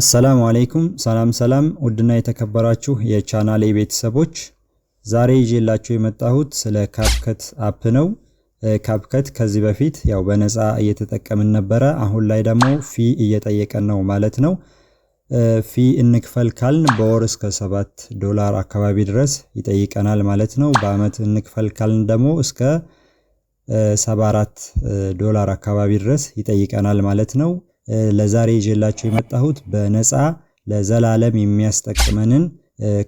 አሰላሙ አለይኩም ሰላም ሰላም፣ ውድና የተከበራችሁ የቻናሌ ቤተሰቦች ዛሬ ይዤላችሁ የመጣሁት ስለ ካፕከት አፕ ነው። ካፕከት ከዚህ በፊት ያው በነፃ እየተጠቀምን ነበረ። አሁን ላይ ደግሞ ፊ እየጠየቀን ነው ማለት ነው። ፊ እንክፈል ካልን በወር እስከ 7 ዶላር አካባቢ ድረስ ይጠይቀናል ማለት ነው። በአመት እንክፈል ካልን ደግሞ እስከ 74 ዶላር አካባቢ ድረስ ይጠይቀናል ማለት ነው። ለዛሬ ይዤላችሁ የመጣሁት በነፃ ለዘላለም የሚያስጠቅመንን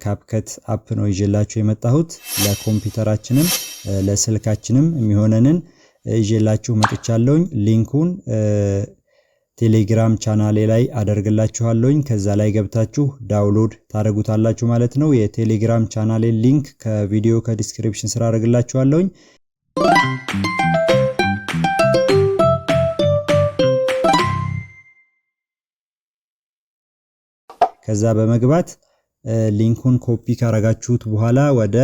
ካፕከት አፕ ነው ይዤላችሁ የመጣሁት። ለኮምፒውተራችንም ለስልካችንም የሚሆነንን ይዤላችሁ መጥቻለሁኝ። ሊንኩን ቴሌግራም ቻናሌ ላይ አደርግላችኋለሁኝ። ከዛ ላይ ገብታችሁ ዳውንሎድ ታደርጉታላችሁ ማለት ነው። የቴሌግራም ቻናሌ ሊንክ ከቪዲዮ ከዲስክሪፕሽን ስራ አደርግላችኋለሁኝ። ከዛ በመግባት ሊንኩን ኮፒ ካረጋችሁት በኋላ ወደ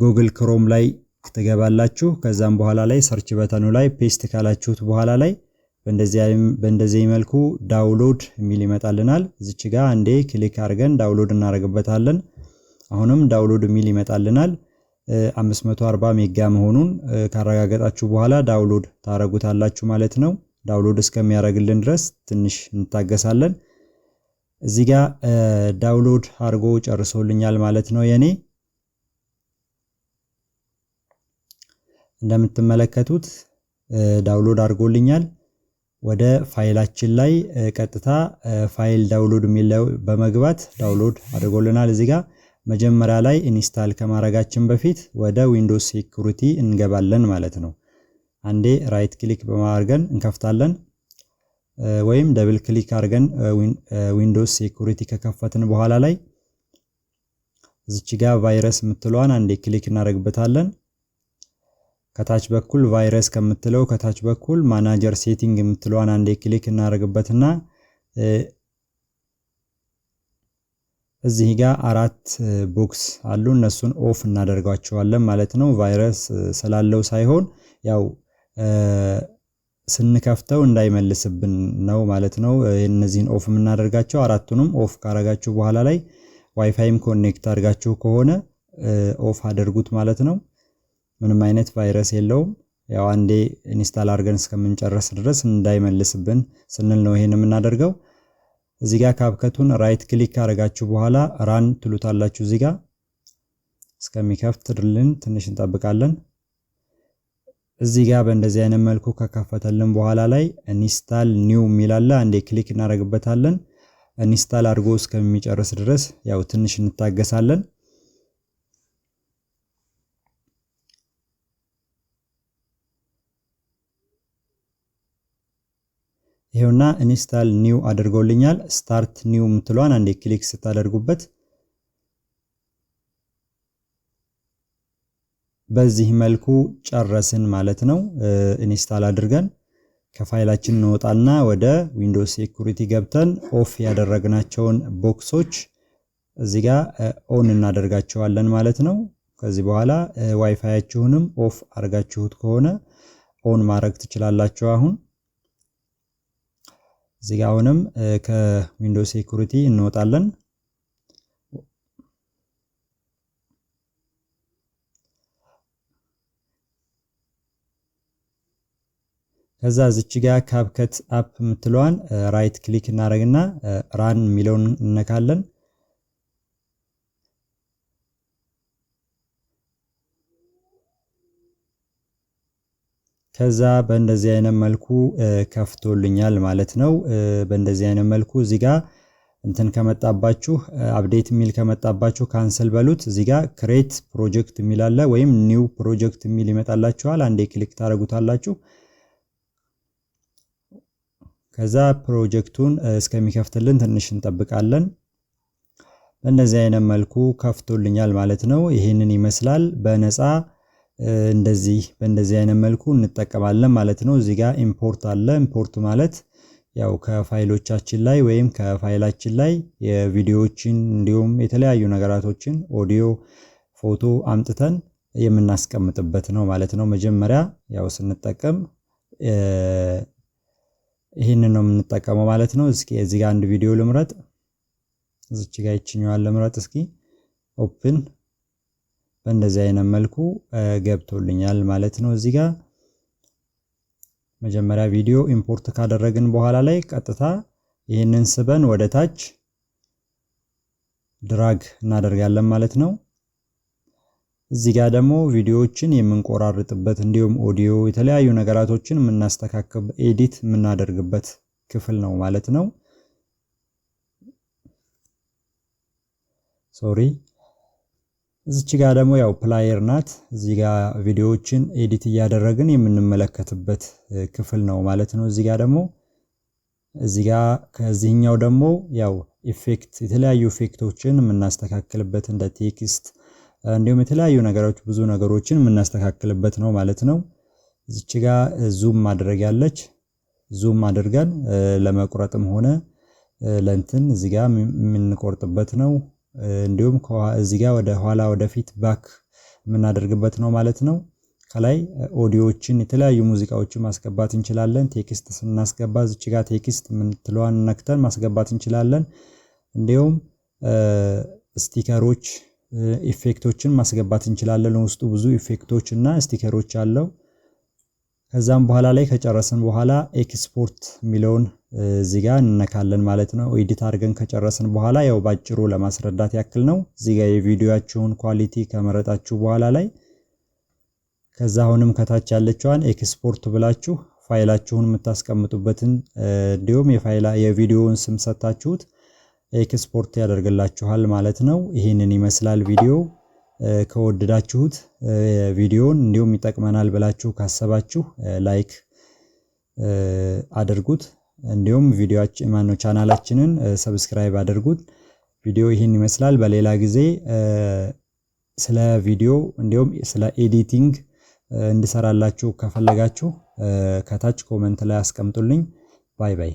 ጉግል ክሮም ላይ ትገባላችሁ። ከዛም በኋላ ላይ ሰርች በተኑ ላይ ፔስት ካላችሁት በኋላ ላይ በእንደዚህ መልኩ ዳውንሎድ የሚል ይመጣልናል። እዚች ጋ አንዴ ክሊክ አድርገን ዳውንሎድ እናደርግበታለን። አሁንም ዳውንሎድ የሚል ይመጣልናል። 540 ሜጋ መሆኑን ካረጋገጣችሁ በኋላ ዳውንሎድ ታረጉታላችሁ ማለት ነው። ዳውንሎድ እስከሚያደርግልን ድረስ ትንሽ እንታገሳለን። እዚህ ጋር ዳውንሎድ አድርጎ ጨርሶልኛል ማለት ነው የኔ እንደምትመለከቱት ዳውንሎድ አድርጎልኛል። ወደ ፋይላችን ላይ ቀጥታ ፋይል ዳውንሎድ የሚለው በመግባት ዳውንሎድ አድርጎልናል። እዚህ ጋር መጀመሪያ ላይ ኢንስታል ከማድረጋችን በፊት ወደ ዊንዶውስ ሴኩሪቲ እንገባለን ማለት ነው። አንዴ ራይት ክሊክ በማድረግ እንከፍታለን። ወይም ደብል ክሊክ አድርገን ዊንዶውስ ሴኩሪቲ ከከፈትን በኋላ ላይ እዚች ጋር ቫይረስ የምትለዋን አንዴ ክሊክ እናደርግበታለን። ከታች በኩል ቫይረስ ከምትለው ከታች በኩል ማናጀር ሴቲንግ የምትለዋን አንዴ ክሊክ እናደርግበትና እዚህ ጋር አራት ቦክስ አሉ እነሱን ኦፍ እናደርጋቸዋለን ማለት ነው። ቫይረስ ስላለው ሳይሆን ያው ስንከፍተው እንዳይመልስብን ነው ማለት ነው። እነዚህን ኦፍ የምናደርጋቸው አራቱንም ኦፍ ካረጋችሁ በኋላ ላይ ዋይፋይም ኮኔክት አድርጋችሁ ከሆነ ኦፍ አድርጉት ማለት ነው። ምንም አይነት ቫይረስ የለውም። ያው አንዴ ኢንስታል አድርገን እስከምንጨረስ ድረስ እንዳይመልስብን ስንል ነው ይሄን የምናደርገው። እዚህ ጋር ካብከቱን ራይት ክሊክ ካደረጋችሁ በኋላ ራን ትሉታላችሁ። እዚህ ጋር እስከሚከፍትልን ትንሽ እንጠብቃለን። እዚህ ጋር በእንደዚህ አይነት መልኩ ከከፈተልን በኋላ ላይ ኢንስታል ኒው የሚላለ አንዴ ክሊክ እናደርግበታለን። ኢንስታል አድርጎ እስከሚጨርስ ድረስ ያው ትንሽ እንታገሳለን። ይሄውና ኢንስታል ኒው አድርጎልኛል። ስታርት ኒው የምትሏን አንዴ ክሊክ ስታደርጉበት በዚህ መልኩ ጨረስን ማለት ነው። ኢንስታል አድርገን ከፋይላችን እንወጣና ወደ ዊንዶውስ ሴኩሪቲ ገብተን ኦፍ ያደረግናቸውን ቦክሶች እዚህ ጋር ኦን እናደርጋቸዋለን ማለት ነው። ከዚህ በኋላ ዋይፋያችሁንም ኦፍ አድርጋችሁት ከሆነ ኦን ማድረግ ትችላላችሁ። አሁን እዚህ ጋር አሁንም ከዊንዶውስ ሴኩሪቲ እንወጣለን። ከዛ እዚች ጋ ካብከት አፕ የምትለዋን ራይት ክሊክ እናደርግና ራን የሚለውን እነካለን። ከዛ በእንደዚህ አይነት መልኩ ከፍቶልኛል ማለት ነው። በእንደዚህ አይነት መልኩ እዚህ ጋ እንትን ከመጣባችሁ አፕዴት የሚል ከመጣባችሁ ካንሰል በሉት። እዚህ ጋ ክሬት ፕሮጀክት የሚል አለ፣ ወይም ኒው ፕሮጀክት የሚል ይመጣላችኋል። አንዴ ክሊክ ታደርጉታላችሁ። ከዛ ፕሮጀክቱን እስከሚከፍትልን ትንሽ እንጠብቃለን። በእነዚህ አይነት መልኩ ከፍቶልኛል ማለት ነው። ይህንን ይመስላል በነፃ እንደዚህ በእንደዚህ አይነት መልኩ እንጠቀማለን ማለት ነው። እዚህ ጋር ኢምፖርት አለ። ኢምፖርት ማለት ያው ከፋይሎቻችን ላይ ወይም ከፋይላችን ላይ የቪዲዮዎችን እንዲሁም የተለያዩ ነገራቶችን ኦዲዮ፣ ፎቶ አምጥተን የምናስቀምጥበት ነው ማለት ነው። መጀመሪያ ያው ስንጠቀም ይህንን ነው የምንጠቀመው ማለት ነው። እስኪ እዚህ ጋር አንድ ቪዲዮ ልምረጥ። እዚች ጋር ይችኛዋል ልምረጥ። እስኪ ኦፕን በእንደዚህ አይነት መልኩ ገብቶልኛል ማለት ነው። እዚህ ጋር መጀመሪያ ቪዲዮ ኢምፖርት ካደረግን በኋላ ላይ ቀጥታ ይህንን ስበን ወደ ታች ድራግ እናደርጋለን ማለት ነው። እዚህ ጋር ደግሞ ቪዲዮዎችን የምንቆራርጥበት እንዲሁም ኦዲዮ የተለያዩ ነገራቶችን የምናስተካክል ኤዲት የምናደርግበት ክፍል ነው ማለት ነው። ሶሪ እዚች ጋር ደግሞ ያው ፕላየር ናት። እዚህ ጋር ቪዲዮዎችን ኤዲት እያደረግን የምንመለከትበት ክፍል ነው ማለት ነው። እዚህ ጋር ደግሞ እዚህ ጋር ከዚህኛው ደግሞ ያው ኢፌክት የተለያዩ ኢፌክቶችን የምናስተካክልበት እንደ ቴክስት እንዲሁም የተለያዩ ነገሮች ብዙ ነገሮችን የምናስተካክልበት ነው ማለት ነው። እዚች ጋ ዙም ማድረግ ያለች ዙም አድርገን ለመቁረጥም ሆነ ለእንትን እዚ ጋ የምንቆርጥበት ነው። እንዲሁም እዚህ ጋር ወደ ኋላ ወደፊት ባክ የምናደርግበት ነው ማለት ነው። ከላይ ኦዲዮችን የተለያዩ ሙዚቃዎችን ማስገባት እንችላለን። ቴክስት ስናስገባ እዚች ጋ ቴክስት ምንትለዋን ነክተን ማስገባት እንችላለን። እንዲሁም ስቲከሮች ኢፌክቶችን ማስገባት እንችላለን። ውስጡ ብዙ ኢፌክቶች እና ስቲከሮች አለው። ከዛም በኋላ ላይ ከጨረስን በኋላ ኤክስፖርት የሚለውን እዚህ ጋር እንነካለን ማለት ነው። ኤዲት አድርገን ከጨረስን በኋላ ያው ባጭሩ ለማስረዳት ያክል ነው። እዚህ ጋር የቪዲዮያችሁን ኳሊቲ ከመረጣችሁ በኋላ ላይ ከዛ አሁንም ከታች ያለችዋን ኤክስፖርት ብላችሁ ፋይላችሁን የምታስቀምጡበትን እንዲሁም የቪዲዮውን ስም ሰታችሁት ኤክስፖርት ያደርግላችኋል ማለት ነው። ይህንን ይመስላል ቪዲዮ። ከወደዳችሁት ቪዲዮን እንዲሁም ይጠቅመናል ብላችሁ ካሰባችሁ ላይክ አድርጉት። እንዲሁም ቪዲዮአችን ማነው ቻናላችንን ሰብስክራይብ አድርጉት። ቪዲዮ ይህን ይመስላል። በሌላ ጊዜ ስለ ቪዲዮ እንዲሁም ስለ ኤዲቲንግ እንድሰራላችሁ ከፈለጋችሁ ከታች ኮመንት ላይ አስቀምጡልኝ። ባይ ባይ።